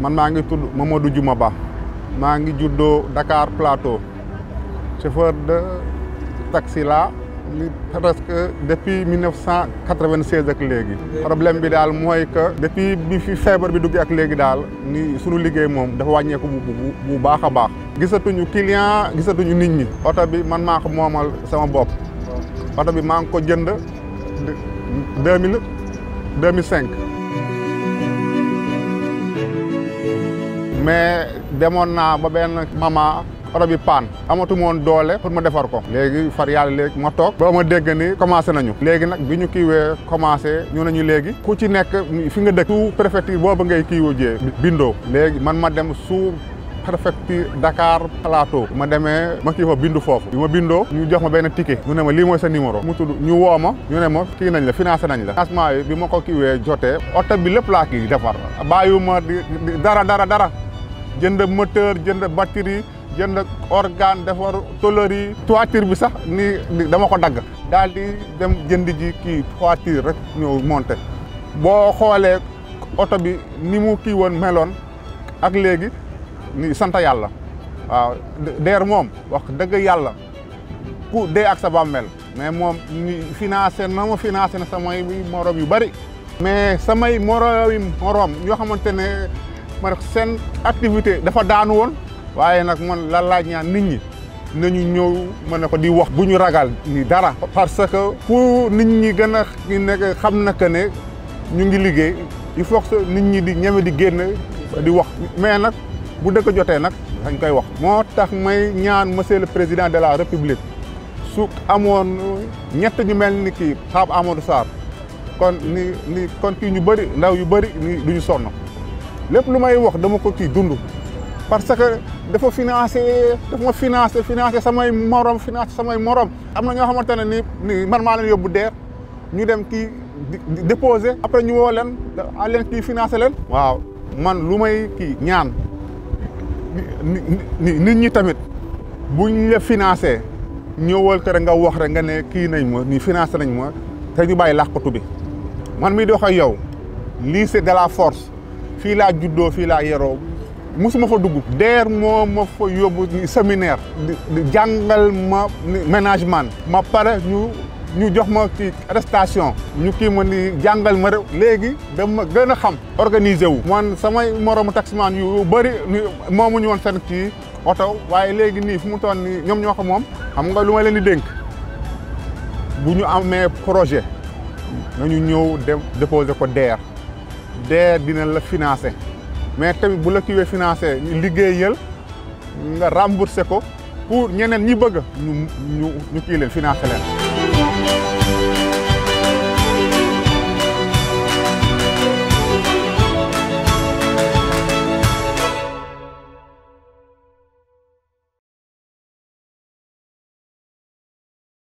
man maa ngi tudd Mamadou Diouma Ba maa ngi juddoo Dakar Plateau chauffeur de taxi la li presque depuis 1996 ak legui problème bi dal moy que. depuis bi fi feebar bi duggee ak legui dal ni sunu liggéey mom dafa wàññeeku bu bu bu baax baax. gisatuñu client gisatuñu nit ñi. auto bi man mako momal sama bop auto bi maa ngi ko jënd 2000 2005 mais demoon naa ba benn mama oto bi paan amatu moon doole pour ma defar ko léegi far yàlla léegi ma toog ba ma dégg ni commencé nañu léegi nag bi ñu kiiwee commencé ñu nañu léegi ku ci nekk fi nga dëkk sous préfecture boobu ngay kiiwu jee bindoo léegi man ma dem sous préfecture Dakar Plateau ma demee ma kii fa bindu foofu ma bindoo ñu jox ma benn ticket ñu ne ma lii mooy sa numéro mu ñu woo ma ñu ne ma kii nañ la financé nañ la financement bi ma ko kiiwee jotee oto bi lépp laa kii defar bàyyiwuma di dara dara dara jënd moteur jënd batterie jënd organe defar tôlerie yi. toiture bi sax nii dama ko dagg. daal di dem jënd ji kii toiture rek ñëw monter boo xoolee oto bi ni mu kii woon meloon ak léegi ni sant yàlla waaw deer moom wax dëgg yàlla ku dee ak sa bàmmeel mais moom ni financé na ma financé na samay morom yu bari mais samay moroom yi moroom yoo xamante ne. ma ne seen activité dafa daanu woon waaye nag man la laaj ñaan nit ñi nañu ñëw ma na ko di wax bu ñu ragal ni dara parce que pour nit ñi gën a nekk xam na que ne ñu ngi liggéey il faut que nit ñi di ñeme di génn di wax mais nag bu dëkk jotee nag dañ koy wax moo tax may ñaan monsieur le président de la république su amoon ñett ñu mel ni kii Pape Amadou Sarr kon ni ni kon kii ñu bëri ndaw yu bëri ni ñu sonn lépp lu may wax dama ko kii dund parce que dafa financé dafa ma financé financé samay morom financé samay morom am na ñoo xamante ne ni ni man maa leen yóbbu DER ñu dem kii déposé après ñu woo leen a ah leen kii financé leen waaw man lu may kii ñaan nit ñi tamit buñ la financé ñëwal ko rek nga wax rek nga ne kii nañ ma ni financé nañ ma te ñu bàyyi làqatu bi man mii di wax yow lii c'est de la force fii laa juddoo fii laa yeroo musuma fa dugg deer moo ma fa yóbbu séminaire jangal ma management ma pare ñu ñu jox ma ci arrestation ñu ki ma ni jangal ma legi léegi dama gën xam organiser wu man sama morom taximan yu bëri moomuñu woon seen kii auto waye legi ni fu mu ton ni ñom ñoko mom xam nga lu leen di denk bu ñu amee projet nañu ñëw déposer ko DER DER dina la financé mais tamit bu la kiiwee financé liggéeyal nga remboursé ko pour ñeneen ñi bëgg ñu ñu ñu kii leen financé